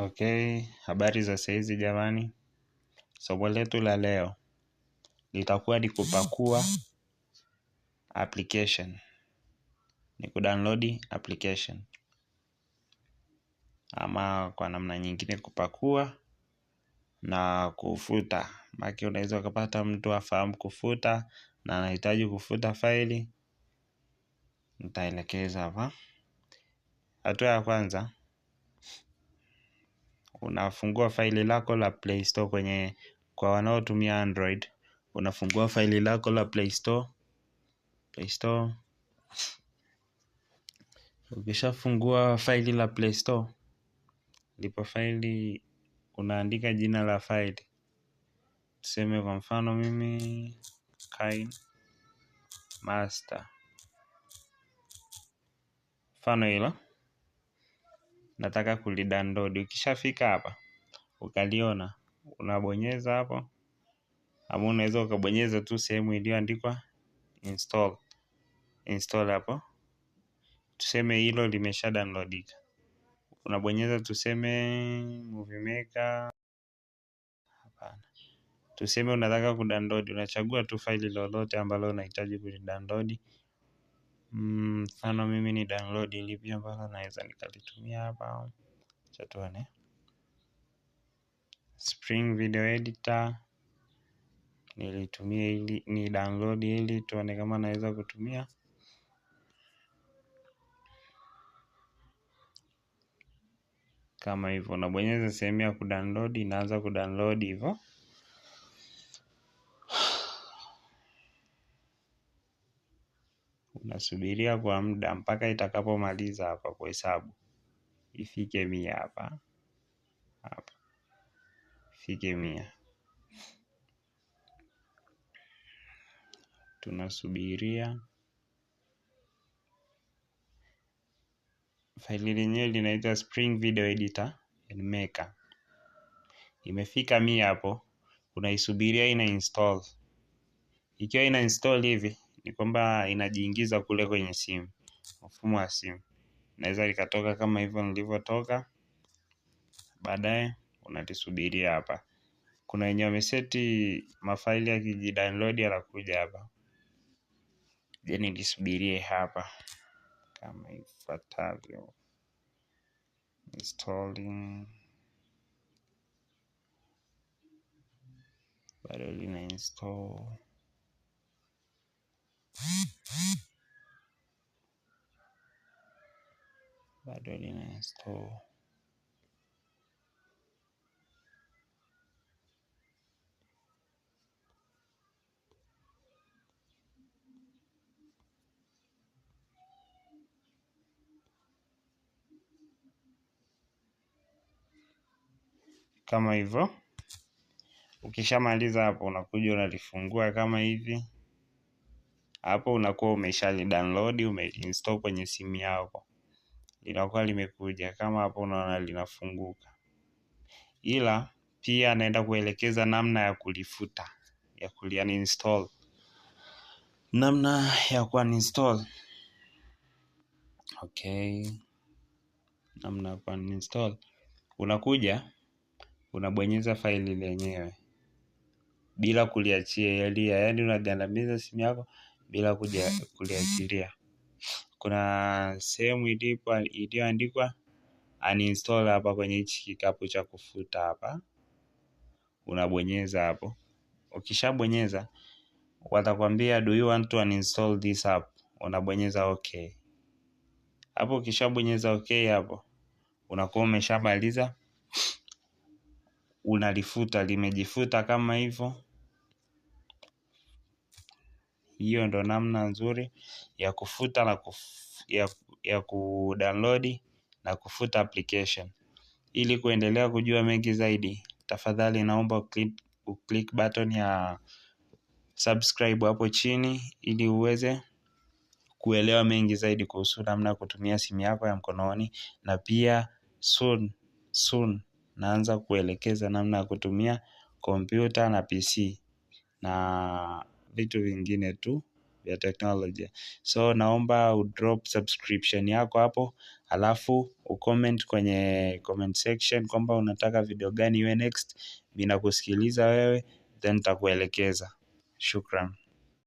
Ok, habari za saizi jamani. Somo letu la leo litakuwa ni kupakua application, ni kudownload application, ama kwa namna nyingine kupakua na kufuta. Maki unaweza ukapata mtu afahamu kufuta na anahitaji kufuta faili, nitaelekeza hapa. Hatua ya kwanza unafungua faili lako la Play Store kwenye kwa wanaotumia Android unafungua faili lako la Play Store. Play Store. Ukishafungua faili la Play Store, lipo faili unaandika jina la faili, tuseme kwa mfano mimi Kine Master, mfano hilo nataka kulidownload. Ukishafika hapa ukaliona, unabonyeza hapo, ama unaweza ukabonyeza tu sehemu iliyoandikwa install, install hapo. Tuseme hilo limesha downloadika, unabonyeza tuseme movie maker hapana, tuseme unataka kudownload, unachagua tu faili lolote ambalo unahitaji kulidownload. Mm, mfano mimi ni download ilivyo ambalo naweza nikalitumia hapa cha tuone Spring video editor nilitumia ili ni download ili tuone kama naweza kutumia kama hivyo unabonyeza sehemu ya kudownload inaanza kudownload hivyo. unasubiria kwa muda mpaka itakapomaliza hapa kuhesabu ifike mia hapa hapa ifike mia tunasubiria faili lenyewe linaitwa Spring Video Editor and Maker. Imefika mia hapo, unaisubiria ina install. Ikiwa ina install hivi, ni kwamba inajiingiza kule kwenye simu, mfumo wa simu. Naweza likatoka kama hivyo nilivyotoka, baadaye unalisubiria hapa. Kuna wenye wameseti mafaili ya yakijidownload yanakuja hapa. Je, nilisubirie hapa kama ifuatavyo installing bado lina install bado lina install kama hivyo. Ukishamaliza hapo, unakuja unalifungua kama hivi. Hapo unakuwa umeshali download umeinstall kwenye simu yako linakuwa limekuja kama hapo, unaona linafunguka, ila pia anaenda kuelekeza namna ya kulifuta ya kulian install, namna ya kuaninstall. Okay, namna ya kuaninstall, unakuja unabonyeza faili lenyewe bila kuliachilia, yaani, yaani unagandamiza simu yako bila kuja kuliachilia kuna sehemu iliyoandikwa uninstall hapa kwenye hichi kikapu cha kufuta hapa, unabonyeza hapo. Ukishabonyeza watakwambia do you want to uninstall this app, unabonyeza okay hapo. Ukishabonyeza okay hapo, unakuwa umeshamaliza, unalifuta limejifuta kama hivyo hiyo ndo namna nzuri ya kufuta na ya kudownload na kufuta application. Ili kuendelea kujua mengi zaidi, tafadhali naomba uklik button ya subscribe hapo chini ili uweze kuelewa mengi zaidi kuhusu namna ya kutumia simu yako ya mkononi na pia soon, soon naanza kuelekeza namna ya kutumia kompyuta na PC na vitu vingine tu vya teknolojia. So naomba udrop subscription yako hapo alafu ucomment kwenye comment section kwamba unataka video gani iwe next. minakusikiliza wewe then takuelekeza Shukran.